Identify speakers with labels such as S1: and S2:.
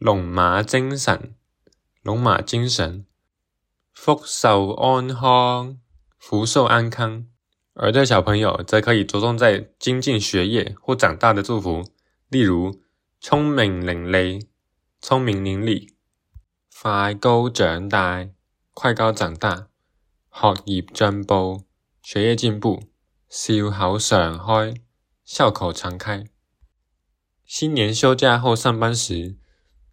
S1: 龍馬精神，龍馬精神，福壽安康，福壽安康。而對小朋友則可以着重在精進學業或長大的祝福，例如聰明伶俐，聰明伶俐，快高長大，快高長大，學業進步，學業進步，笑口常開，笑口常開。新年休假後上班時，